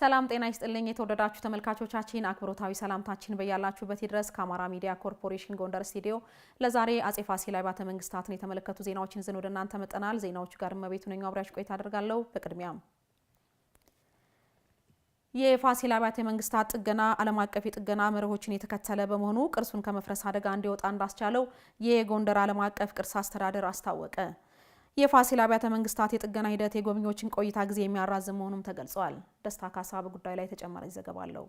ሰላም ጤና ይስጥልኝ የተወደዳችሁ ተመልካቾቻችን፣ አክብሮታዊ ሰላምታችን በያላችሁበት ይድረስ። ከአማራ ሚዲያ ኮርፖሬሽን ጎንደር ስቱዲዮ ለዛሬ አጼ ፋሲል አብያተ መንግስታትን የተመለከቱ ዜናዎችን ዝን ወደ እናንተ መጠናል። ዜናዎቹ ጋር መቤቱ ነኝ አብሬያችሁ ቆይታ አደርጋለሁ። በቅድሚያም የፋሲል አብያተ መንግስታት ጥገና ዓለም አቀፍ የጥገና መርሆችን የተከተለ በመሆኑ ቅርሱን ከመፍረስ አደጋ እንዲወጣ እንዳስቻለው የጎንደር ዓለም አቀፍ ቅርስ አስተዳደር አስታወቀ። የፋሲል አብያተ መንግስታት የጥገና ሂደት የጎብኚዎችን ቆይታ ጊዜ የሚያራዝም መሆኑም ተገልጿል። ደስታ ካሳ በጉዳዩ ላይ ተጨማሪ ዘገባ አለው።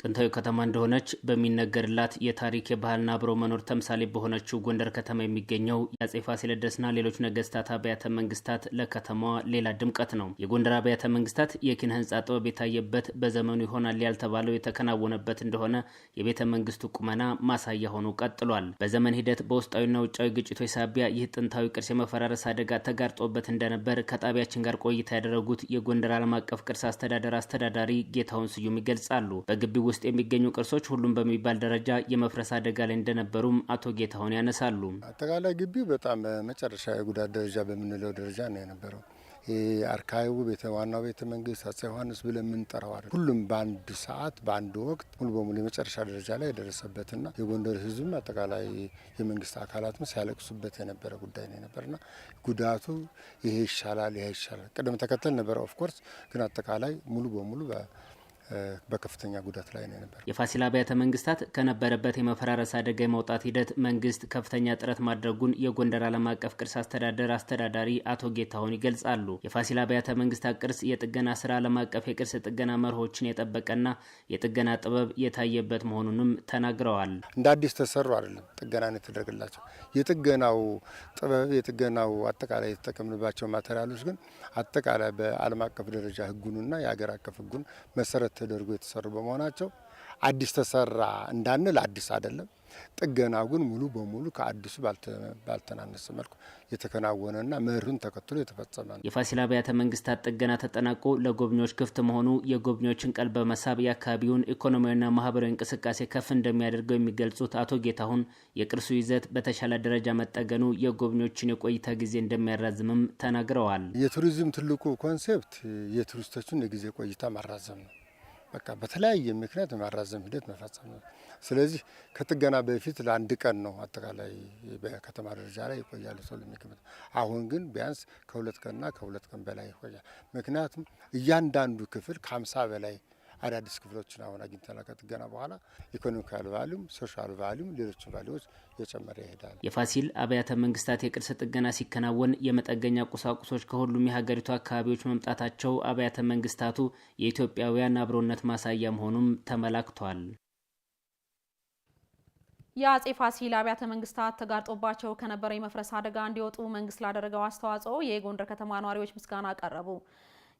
ጥንታዊ ከተማ እንደሆነች በሚነገርላት የታሪክ የባህልና አብሮ መኖር ተምሳሌ በሆነችው ጎንደር ከተማ የሚገኘው የአፄ ፋሲለደስና ሌሎች ነገስታት አብያተ መንግስታት ለከተማዋ ሌላ ድምቀት ነው። የጎንደር አብያተ መንግስታት የኪነ ህንፃ ጥበብ የታየበት በዘመኑ ይሆናል ያልተባለው የተከናወነበት እንደሆነ የቤተ መንግስቱ ቁመና ማሳያ ሆኖ ቀጥሏል። በዘመን ሂደት በውስጣዊና ውጫዊ ግጭቶች ሳቢያ ይህ ጥንታዊ ቅርስ የመፈራረስ አደጋ ተጋርጦበት እንደነበር ከጣቢያችን ጋር ቆይታ ያደረጉት የጎንደር ዓለም አቀፍ ቅርስ አስተዳደር አስተዳዳሪ ጌታሁን ስዩም ይገልጻሉ። በግቢው ውስጥ የሚገኙ ቅርሶች ሁሉም በሚባል ደረጃ የመፍረስ አደጋ ላይ እንደነበሩም አቶ ጌታሁን ያነሳሉ። አጠቃላይ ግቢው በጣም በመጨረሻ የጉዳት ደረጃ በምንለው ደረጃ ነው የነበረው። አርካይቡ ቤተ ዋናው ቤተ መንግስት አጼ ዮሐንስ ብለን የምንጠራው አይደል። ሁሉም በአንድ ሰዓት በአንድ ወቅት ሙሉ በሙሉ የመጨረሻ ደረጃ ላይ የደረሰበትና የጎንደር ሕዝብም አጠቃላይ የመንግስት አካላትም ሲያለቅሱበት የነበረ ጉዳይ ነው የነበርና ጉዳቱ ይሄ ይሻላል፣ ይሄ ይሻላል ቅደም ተከተል ነበረ። ኦፍኮርስ ግን አጠቃላይ ሙሉ በሙሉ በከፍተኛ ጉዳት ላይ ነው ነበር። የፋሲል አብያተ መንግስታት ከነበረበት የመፈራረስ አደጋ የመውጣት ሂደት መንግስት ከፍተኛ ጥረት ማድረጉን የጎንደር ዓለም አቀፍ ቅርስ አስተዳደር አስተዳዳሪ አቶ ጌታሁን ይገልጻሉ። የፋሲል አብያተ መንግስታት ቅርስ የጥገና ስራ ዓለም አቀፍ የቅርስ ጥገና መርሆችን የጠበቀና የጥገና ጥበብ የታየበት መሆኑንም ተናግረዋል። እንደ አዲስ ተሰሩ አይደለም፣ ጥገና የተደረገላቸው። የጥገናው ጥበብ የጥገናው አጠቃላይ የተጠቀምንባቸው ማቴሪያሎች ግን አጠቃላይ በዓለም አቀፍ ደረጃ ህጉንና የሀገር አቀፍ ህጉን መሰረት ተደርጎ የተሰሩ በመሆናቸው አዲስ ተሰራ እንዳንል አዲስ አይደለም። ጥገናው ግን ሙሉ በሙሉ ከአዲሱ ባልተናነሰ መልኩ የተከናወነና መርህን ተከትሎ የተፈጸመ ነው። የፋሲል አብያተ መንግስታት ጥገና ተጠናቆ ለጎብኚዎች ክፍት መሆኑ የጎብኚዎችን ቀልብ በመሳብ የአካባቢውን ኢኮኖሚያዊና ማህበራዊ እንቅስቃሴ ከፍ እንደሚያደርገው የሚገልጹት አቶ ጌታሁን የቅርሱ ይዘት በተሻለ ደረጃ መጠገኑ የጎብኚዎችን የቆይታ ጊዜ እንደሚያራዝምም ተናግረዋል። የቱሪዝም ትልቁ ኮንሴፕት የቱሪስቶችን የጊዜ ቆይታ ማራዘም ነው። በቃ በተለያየ ምክንያት የማራዘም ሂደት መፈጸም ነው። ስለዚህ ከጥገና በፊት ለአንድ ቀን ነው አጠቃላይ በከተማ ደረጃ ላይ ይቆያል ሰው የሚገመት። አሁን ግን ቢያንስ ከሁለት ቀንና ከሁለት ቀን በላይ ይቆያል። ምክንያቱም እያንዳንዱ ክፍል ከሀምሳ በላይ አዳዲስ ክፍሎችን አሁን አግኝተና ከጥገና በኋላ ኢኮኖሚካል ቫሊም፣ ሶሻል ቫሊም፣ ሌሎች ቫሊዎች እየጨመረ ይሄዳል። የፋሲል አብያተ መንግስታት የቅርስ ጥገና ሲከናወን የመጠገኛ ቁሳቁሶች ከሁሉም የሀገሪቱ አካባቢዎች መምጣታቸው አብያተ መንግስታቱ የኢትዮጵያውያን አብሮነት ማሳያ መሆኑም ተመላክቷል። የአጼ ፋሲል አብያተ መንግስታት ተጋርጦባቸው ከነበረ የመፍረስ አደጋ እንዲወጡ መንግስት ላደረገው አስተዋጽኦ የጎንደር ከተማ ነዋሪዎች ምስጋና አቀረቡ።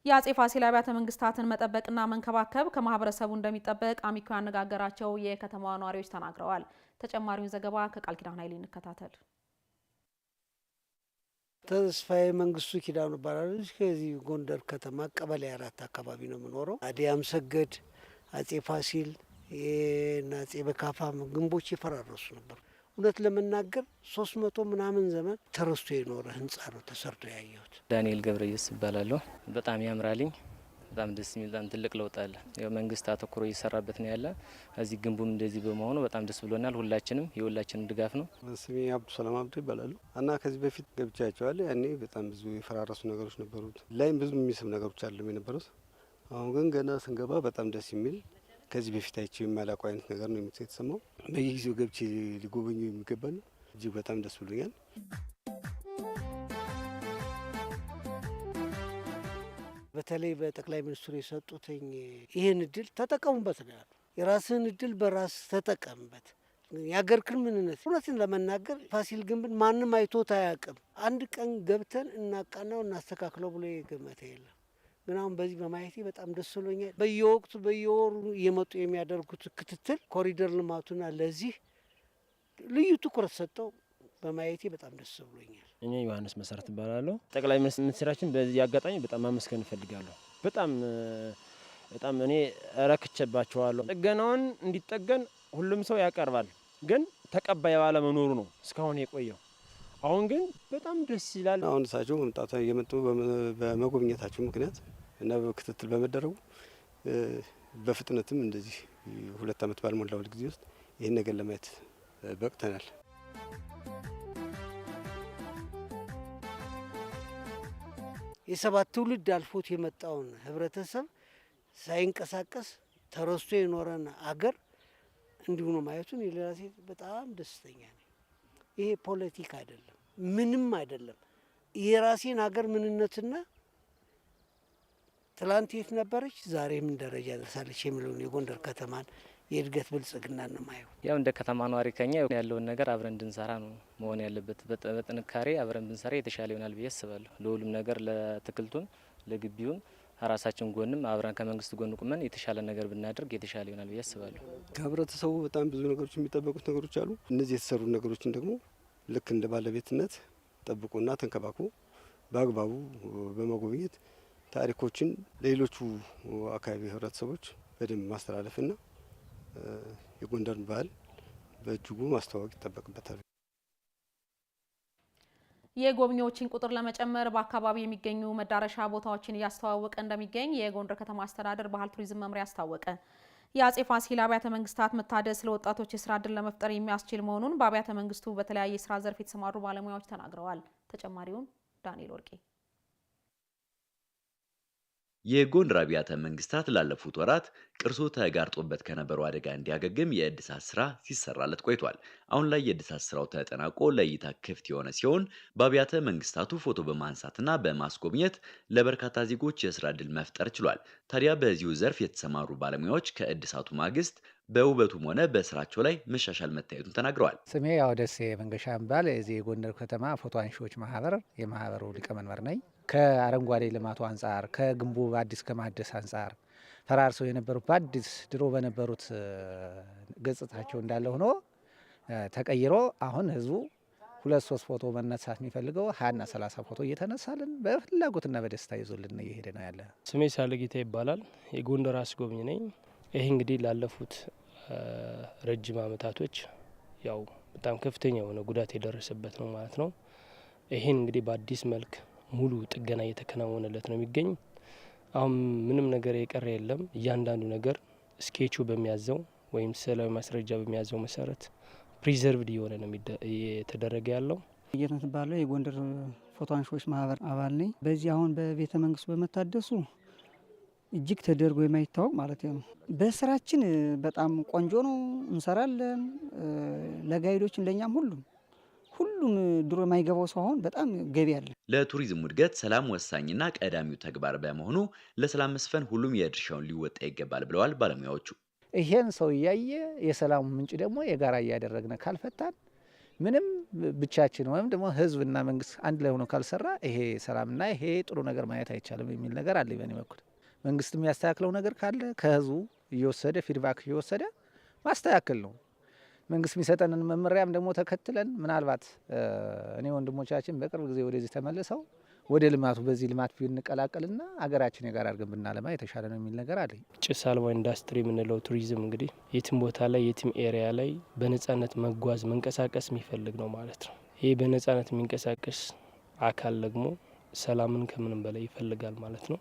የአጼ ፋሲል አብያተ መንግስታትን መጠበቅና መንከባከብ ከማህበረሰቡ እንደሚጠበቅ አሚኮ ያነጋገራቸው የከተማዋ ነዋሪዎች ተናግረዋል። ተጨማሪውን ዘገባ ከቃል ኪዳን ኃይል እንከታተል። ተስፋዬ መንግስቱ ኪዳኑ ይባላል። ከዚህ ጎንደር ከተማ ቀበሌ አራት አካባቢ ነው የምኖረው። አዲያም ሰገድ አጼ ፋሲል የአጼ በካፋ ግንቦች የፈራረሱ ነበር። እውነት ለመናገር ሶስት መቶ ምናምን ዘመን ተረስቶ የኖረ ህንጻ ነው ተሰርቶ ያየሁት። ዳንኤል ገብረየስ ይባላለሁ። በጣም ያምራልኝ። በጣም ደስ የሚል በጣም ትልቅ ለውጥ አለ። መንግስት አተኩሮ እየሰራበት ነው ያለ። እዚህ ግንቡም እንደዚህ በመሆኑ በጣም ደስ ብሎናል። ሁላችንም የሁላችንም ድጋፍ ነው። ስሜ አብዱ ሰላም አብዱ ይባላሉ እና ከዚህ በፊት ገብቻቸዋል። ያኔ በጣም ብዙ የፈራረሱ ነገሮች ነበሩት። ላይም ብዙ የሚስብ ነገሮች አለም የነበሩት። አሁን ግን ገና ስንገባ በጣም ደስ የሚል ከዚህ በፊት አይቼው የማላውቀው አይነት ነገር ነው የተሰማው። በየጊዜው ገብቼ ሊጎበኙ የሚገባ ነው። እጅግ በጣም ደስ ብሎኛል። በተለይ በጠቅላይ ሚኒስትሩ የሰጡትኝ ይህን እድል ተጠቀሙበት ነው ያሉ። የራስህን እድል በራስ ተጠቀምበት። የአገርክን ምንነት እውነትን ለመናገር ፋሲል ግንብን ማንም አይቶት አያውቅም። አንድ ቀን ገብተን እናቃናው እናስተካክለው ብሎ የገመተ የለም። ግን በዚህ በማየቴ በጣም ደስ ብሎኛል። በየወቅቱ በየወሩ እየመጡ የሚያደርጉት ክትትል ኮሪደር ልማቱና ለዚህ ልዩ ትኩረት ሰጠው በማየቴ በጣም ደስ ብሎኛል። እኔ ዮሐንስ መሰረት እባላለሁ። ጠቅላይ ሚኒስትራችን በዚህ አጋጣሚ በጣም ማመስገን እፈልጋለሁ። በጣም በጣም እኔ ረክቸባቸዋለሁ። ጥገናውን እንዲጠገን ሁሉም ሰው ያቀርባል፣ ግን ተቀባይ ባለመኖሩ ነው እስካሁን የቆየው አሁን ግን በጣም ደስ ይላል። አሁን እሳቸው መምጣት የመጡ በመጎብኘታቸው ምክንያት እና ክትትል በመደረጉ በፍጥነትም እንደዚህ ሁለት ዓመት ባልሞላው ጊዜ ውስጥ ይህን ነገር ለማየት በቅተናል። የሰባት ትውልድ አልፎት የመጣውን ህብረተሰብ ሳይንቀሳቀስ ተረስቶ የኖረን አገር እንዲሁ ነው ማየቱን የሌላ ሴት በጣም ደስተኛ ነው። ይሄ ፖለቲካ አይደለም፣ ምንም አይደለም። የራሴን ሀገር ምንነትና ትላንት የት ነበረች፣ ዛሬ ምን ደረጃ ደርሳለች የሚለውን የጎንደር ከተማን የእድገት ብልጽግና እንማየው። ያው እንደ ከተማ ነዋሪ ከኛ ያለውን ነገር አብረን እንድንሰራ ነው መሆን ያለበት። በጥንካሬ አብረን ብንሰራ የተሻለ ይሆናል ብዬ አስባለሁ። ለሁሉም ነገር ለአትክልቱም፣ ለግቢውም ራሳችን ጎንም አብረን ከመንግስት ጎን ቁመን የተሻለ ነገር ብናደርግ የተሻለ ይሆናል ብዬ አስባለሁ። ከህብረተሰቡ በጣም ብዙ ነገሮች የሚጠበቁት ነገሮች አሉ። እነዚህ የተሰሩ ነገሮችን ደግሞ ልክ እንደ ባለቤትነት ጠብቁና ተንከባክቦ በአግባቡ በመጎብኘት ታሪኮችን ለሌሎቹ አካባቢ ህብረተሰቦች በደንብ ማስተላለፍና የጎንደርን ባህል በእጅጉ ማስተዋወቅ ይጠበቅበታል። የጎብኚዎችን ቁጥር ለመጨመር በአካባቢ የሚገኙ መዳረሻ ቦታዎችን እያስተዋወቀ እንደሚገኝ የጎንደር ከተማ አስተዳደር ባህል ቱሪዝም መምሪያ አስታወቀ። የአጼ ፋሲል አብያተ መንግስታት መታደስ ለወጣቶች የስራ እድል ለመፍጠር የሚያስችል መሆኑን በአብያተ መንግስቱ በተለያየ የስራ ዘርፍ የተሰማሩ ባለሙያዎች ተናግረዋል። ተጨማሪውን ዳንኤል ወርቄ የጎንደር አብያተ መንግስታት ላለፉት ወራት ቅርሱ ተጋርጦበት ከነበረው አደጋ እንዲያገግም የእድሳት ስራ ሲሰራለት ቆይቷል። አሁን ላይ የእድሳት ስራው ተጠናቆ ለእይታ ክፍት የሆነ ሲሆን በአብያተ መንግስታቱ ፎቶ በማንሳትና በማስጎብኘት ለበርካታ ዜጎች የስራ ዕድል መፍጠር ችሏል። ታዲያ በዚሁ ዘርፍ የተሰማሩ ባለሙያዎች ከእድሳቱ ማግስት በውበቱም ሆነ በስራቸው ላይ መሻሻል መታየቱን ተናግረዋል። ስሜ ያው ደሴ መንገሻ እባላለሁ። የዚህ የጎንደር ከተማ ፎቶ አንሺዎች ማህበር የማህበሩ ሊቀመንበር ነኝ። ከአረንጓዴ ልማቱ አንጻር ከግንቡ አዲስ ከማደስ አንጻር ፈራርሰው የነበሩት በአዲስ ድሮ በነበሩት ገጽታቸው እንዳለ ሆኖ ተቀይሮ አሁን ህዝቡ ሁለት ሶስት ፎቶ መነሳት የሚፈልገው ሀያና ሰላሳ ፎቶ እየተነሳልን በፍላጎትና በደስታ ይዞልን እየሄደ ነው ያለ። ስሜ ሳለጌታ ይባላል። የጎንደር አስጎብኝ ነኝ። ይህ እንግዲህ ላለፉት ረጅም አመታቶች ያው በጣም ከፍተኛ የሆነ ጉዳት የደረሰበት ነው ማለት ነው። ይህን እንግዲህ በአዲስ መልክ ሙሉ ጥገና እየተከናወነለት ነው የሚገኝ። አሁን ምንም ነገር የቀረ የለም። እያንዳንዱ ነገር ስኬቹ በሚያዘው ወይም ስዕላዊ ማስረጃ በሚያዘው መሰረት ፕሪዘርቭድ እየሆነ ነው እየተደረገ ያለው። እየነት ባለው የጎንደር ፎቶ አንሺዎች ማህበር አባል ነኝ። በዚህ አሁን በቤተ መንግስቱ በመታደሱ እጅግ ተደርጎ የማይታወቅ ማለት ነው። በስራችን በጣም ቆንጆ ነው፣ እንሰራለን ለጋይዶችን ለእኛም ሁሉም ሁሉም ድሮ የማይገባው ሰው አሁን በጣም ገቢ አለ። ለቱሪዝም እድገት ሰላም ወሳኝና ቀዳሚው ተግባር በመሆኑ ለሰላም መስፈን ሁሉም የድርሻውን ሊወጣ ይገባል ብለዋል ባለሙያዎቹ። ይሄን ሰው እያየ የሰላሙ ምንጭ ደግሞ የጋራ እያደረግን ካልፈታን ምንም ብቻችን ወይም ደግሞ ህዝብና መንግስት አንድ ላይ ሆኖ ካልሰራ ይሄ ሰላምና ይሄ ጥሩ ነገር ማየት አይቻልም የሚል ነገር አለ። በኔ በኩል መንግስት የሚያስተካክለው ነገር ካለ ከህዝቡ እየወሰደ ፊድባክ እየወሰደ ማስተካከል ነው። መንግስት የሚሰጠንን መመሪያም ደግሞ ተከትለን ምናልባት እኔ ወንድሞቻችን በቅርብ ጊዜ ወደዚህ ተመልሰው ወደ ልማቱ በዚህ ልማት ብንቀላቀልና አገራችን የጋር አድርገን ብናለማ የተሻለ ነው የሚል ነገር አለኝ። ጭስ አልባ ኢንዱስትሪ የምንለው ቱሪዝም እንግዲህ የትም ቦታ ላይ የትም ኤሪያ ላይ በነጻነት መጓዝ መንቀሳቀስ የሚፈልግ ነው ማለት ነው። ይህ በነጻነት የሚንቀሳቀስ አካል ደግሞ ሰላምን ከምንም በላይ ይፈልጋል ማለት ነው።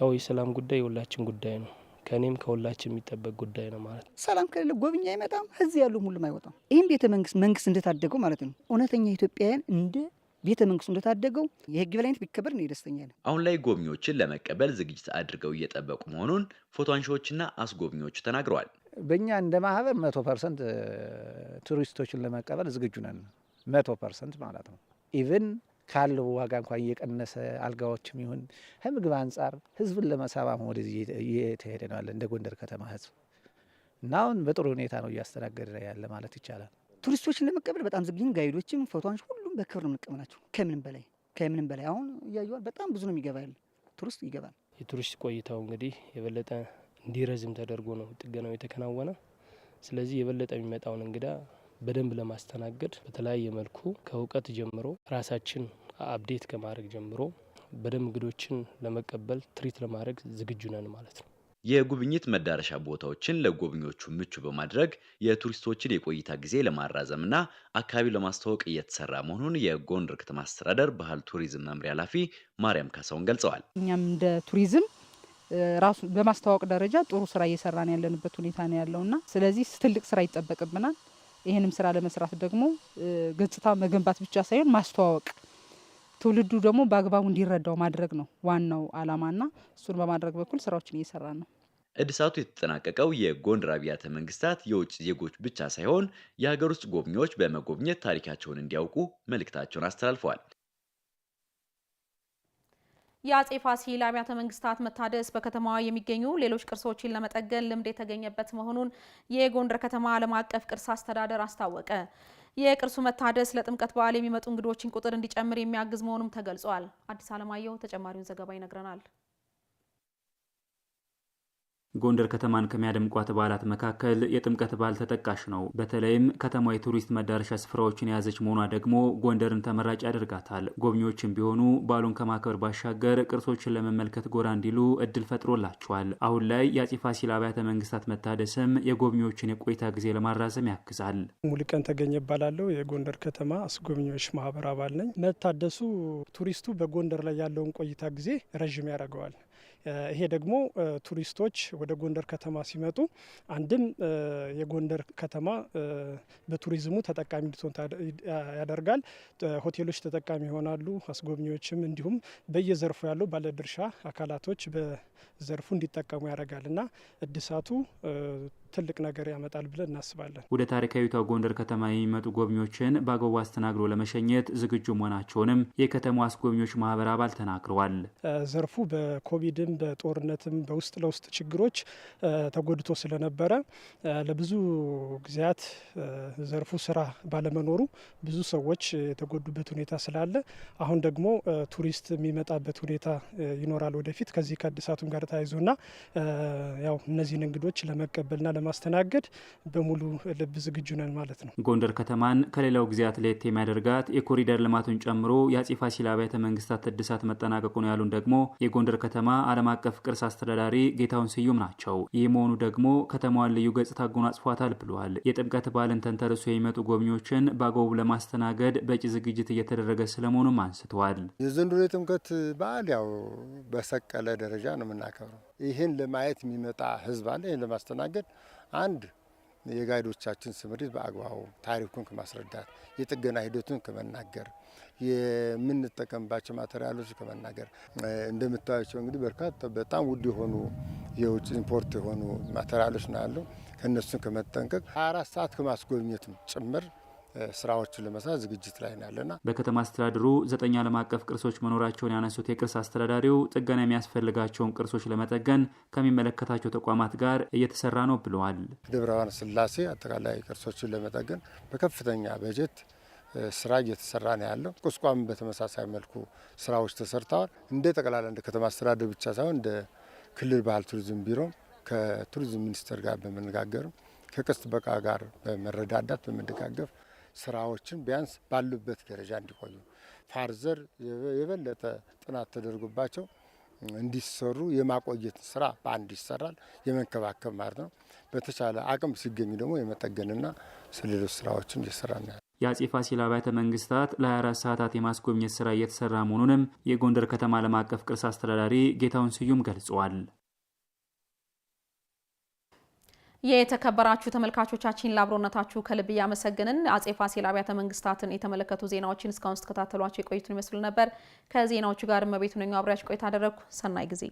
ያው የሰላም ጉዳይ የሁላችን ጉዳይ ነው። ከእኔም ከሁላችን የሚጠበቅ ጉዳይ ነው ማለት ነው። ሰላም ከሌለ ጎብኝ አይመጣም፣ እዚህ ያሉም ሁሉም አይወጣም። ይህም ቤተ መንግስት መንግስት እንደታደገው ማለት ነው እውነተኛ ኢትዮጵያውያን እንደ ቤተ መንግስቱ እንደታደገው የህግ በላይነት ቢከበር ነው ደስተኛል። አሁን ላይ ጎብኚዎችን ለመቀበል ዝግጅት አድርገው እየጠበቁ መሆኑን ፎቶ አንሺዎችና አስጎብኚዎቹ ተናግረዋል። በእኛ እንደ ማህበር መቶ ፐርሰንት ቱሪስቶችን ለመቀበል ዝግጁ ነን። መቶ ፐርሰንት ማለት ነው ኢቨን ካለው ዋጋ እንኳን እየቀነሰ አልጋዎችም ይሁን ከምግብ አንጻር ህዝብን ለመሳብ አሁን ወደዚህ እየተሄደ ነው ያለ እንደ ጎንደር ከተማ ህዝብ እና አሁን በጥሩ ሁኔታ ነው እያስተናገደ ያለ ማለት ይቻላል። ቱሪስቶችን ለመቀበል በጣም ዝግኝ ጋይዶችም ፎቶዎች ሁሉም በክብር ነው የምንቀበላቸው። ከምንም በላይ ከምንም በላይ አሁን እያየዋል በጣም ብዙ ነው የሚገባ ያለ ቱሪስት ይገባል። የቱሪስት ቆይታው እንግዲህ የበለጠ እንዲረዝም ተደርጎ ነው ጥገናው የተከናወነ። ስለዚህ የበለጠ የሚመጣውን እንግዳ በደንብ ለማስተናገድ በተለያየ መልኩ ከእውቀት ጀምሮ ራሳችን አፕዴት ከማድረግ ጀምሮ በደንብ እንግዶችን ለመቀበል ትሪት ለማድረግ ዝግጁ ነን ማለት ነው። የጉብኝት መዳረሻ ቦታዎችን ለጎብኚዎቹ ምቹ በማድረግ የቱሪስቶችን የቆይታ ጊዜ ለማራዘምና አካባቢው ለማስተዋወቅ እየተሰራ መሆኑን የጎንደር ከተማ አስተዳደር ባህል ቱሪዝም መምሪያ ኃላፊ ማርያም ካሳውን ገልጸዋል። እኛም እንደ ቱሪዝም ራሱ በማስተዋወቅ ደረጃ ጥሩ ስራ እየሰራን ያለንበት ሁኔታ ነው ያለውና ስለዚህ ትልቅ ስራ ይጠበቅብናል። ይህንም ስራ ለመስራት ደግሞ ገጽታ መገንባት ብቻ ሳይሆን ማስተዋወቅ ትውልዱ ደግሞ በአግባቡ እንዲረዳው ማድረግ ነው ዋናው ዓላማና እሱን በማድረግ በኩል ስራዎችን እየሰራ ነው። እድሳቱ የተጠናቀቀው የጎንደር አብያተ መንግስታት የውጭ ዜጎች ብቻ ሳይሆን የሀገር ውስጥ ጎብኚዎች በመጎብኘት ታሪካቸውን እንዲያውቁ መልእክታቸውን አስተላልፈዋል። የአጼ ፋሲል አብያተ መንግስታት መታደስ በከተማዋ የሚገኙ ሌሎች ቅርሶችን ለመጠገን ልምድ የተገኘበት መሆኑን የጎንደር ከተማ ዓለም አቀፍ ቅርስ አስተዳደር አስታወቀ። የቅርሱ መታደስ ለጥምቀት በዓል የሚመጡ እንግዶችን ቁጥር እንዲጨምር የሚያግዝ መሆኑም ተገልጿል። አዲስ አለማየሁ ተጨማሪውን ዘገባ ይነግረናል። ጎንደር ከተማን ከሚያደምቋት በዓላት መካከል የጥምቀት በዓል ተጠቃሽ ነው። በተለይም ከተማ የቱሪስት መዳረሻ ስፍራዎችን የያዘች መሆኗ ደግሞ ጎንደርን ተመራጭ ያደርጋታል። ጎብኚዎችም ቢሆኑ በዓሉን ከማክበር ባሻገር ቅርሶችን ለመመልከት ጎራ እንዲሉ እድል ፈጥሮላቸዋል። አሁን ላይ የአፄ ፋሲል አብያተ መንግስታት መታደስም የጎብኚዎችን የቆይታ ጊዜ ለማራዘም ያግዛል። ሙልቀን ተገኘ እባላለሁ። የጎንደር ከተማ አስጎብኚዎች ማህበር አባል ነኝ። መታደሱ ቱሪስቱ በጎንደር ላይ ያለውን ቆይታ ጊዜ ረዥም ያደርገዋል። ይሄ ደግሞ ቱሪስቶች ወደ ጎንደር ከተማ ሲመጡ አንድም የጎንደር ከተማ በቱሪዝሙ ተጠቃሚ እንድትሆን ያደርጋል። ሆቴሎች ተጠቃሚ ይሆናሉ፣ አስጎብኚዎችም እንዲሁም በየዘርፉ ያለው ባለድርሻ አካላቶች በዘርፉ እንዲጠቀሙ ያደርጋል እና እድሳቱ ትልቅ ነገር ያመጣል ብለን እናስባለን። ወደ ታሪካዊቷ ጎንደር ከተማ የሚመጡ ጎብኚዎችን በአግባቡ አስተናግዶ ለመሸኘት ዝግጁ መሆናቸውንም የከተማው አስጎብኚዎች ማህበር አባል ተናግረዋል። ዘርፉ በኮቪድም በጦርነትም በውስጥ ለውስጥ ችግሮች ተጎድቶ ስለነበረ ለብዙ ጊዜያት ዘርፉ ስራ ባለመኖሩ ብዙ ሰዎች የተጎዱበት ሁኔታ ስላለ አሁን ደግሞ ቱሪስት የሚመጣበት ሁኔታ ይኖራል ወደፊት ከዚህ ከእድሳቱም ጋር ተያይዞና ያው እነዚህን እንግዶች ለመቀበልና ለማስተናገድ በሙሉ ልብ ዝግጁ ነን ማለት ነው። ጎንደር ከተማን ከሌላው ጊዜያት ለየት የሚያደርጋት የኮሪደር ልማቱን ጨምሮ የአጼ ፋሲል አብያተ መንግስታት እድሳት መጠናቀቁ ነው ያሉን ደግሞ የጎንደር ከተማ ዓለም አቀፍ ቅርስ አስተዳዳሪ ጌታውን ስዩም ናቸው። ይህ መሆኑ ደግሞ ከተማዋን ልዩ ገጽታ አጎናጽፏታል ብለዋል። የጥምቀት በዓልን ተንተርሶ የሚመጡ ጎብኚዎችን በአግባቡ ለማስተናገድ በቂ ዝግጅት እየተደረገ ስለመሆኑም አንስተዋል። የዘንድሮ የጥምቀት በዓል ያው በሰቀለ ደረጃ ነው የምናከብረው ይህን ለማየት የሚመጣ ህዝብ አለ። ይህን ለማስተናገድ አንድ የጋይዶቻችን ስምሪት በአግባቡ ታሪኩን ከማስረዳት የጥገና ሂደቱን ከመናገር የምንጠቀምባቸው ማቴሪያሎች ከመናገር እንደምታዩቸው እንግዲህ በርካታ በጣም ውድ የሆኑ የውጭ ኢምፖርት የሆኑ ማቴሪያሎች ነው ያለው። ከእነሱን ከመጠንቀቅ አራት ሰዓት ከማስጎብኘትም ጭምር ስራዎችን ለመስራት ዝግጅት ላይ ያለና በከተማ አስተዳደሩ ዘጠኝ ዓለም አቀፍ ቅርሶች መኖራቸውን ያነሱት የቅርስ አስተዳዳሪው ጥገና የሚያስፈልጋቸውን ቅርሶች ለመጠገን ከሚመለከታቸው ተቋማት ጋር እየተሰራ ነው ብለዋል። ደብረ ብርሃን ስላሴ አጠቃላይ ቅርሶችን ለመጠገን በከፍተኛ በጀት ስራ እየተሰራ ነው ያለው። ቁስቋም በተመሳሳይ መልኩ ስራዎች ተሰርተዋል። እንደ ጠቅላላ እንደ ከተማ አስተዳደር ብቻ ሳይሆን እንደ ክልል ባህል ቱሪዝም ቢሮ ከቱሪዝም ሚኒስቴር ጋር በመነጋገር ከቅርስ ጥበቃ ጋር በመረዳዳት በመደጋገፍ ስራዎችን ቢያንስ ባሉበት ደረጃ እንዲቆዩ ፋርዘር የበለጠ ጥናት ተደርጎባቸው እንዲሰሩ የማቆየት ስራ በአንድ ይሰራል፣ የመንከባከብ ማለት ነው። በተቻለ አቅም ሲገኙ ደግሞ የመጠገንና ስለሌሎች ስራዎችን እየሰራ ነው። የአጼ ፋሲል አብያተ መንግስታት ለ24 ሰዓታት የማስጎብኘት ስራ እየተሰራ መሆኑንም የጎንደር ከተማ ዓለም አቀፍ ቅርስ አስተዳዳሪ ጌታውን ስዩም ገልጸዋል። የተከበራችሁ ተመልካቾቻችን ለአብሮነታችሁ ከልብ እያመሰግንን አፄ ፋሲል አብያተ መንግስታትን የተመለከቱ ዜናዎችን እስካሁን ስትከታተሏቸው የቆዩትን ይመስሉ ነበር። ከዜናዎቹ ጋር እመቤቱ ነኝ አብሬያችሁ ቆይታ አደረግኩ። ሰናይ ጊዜ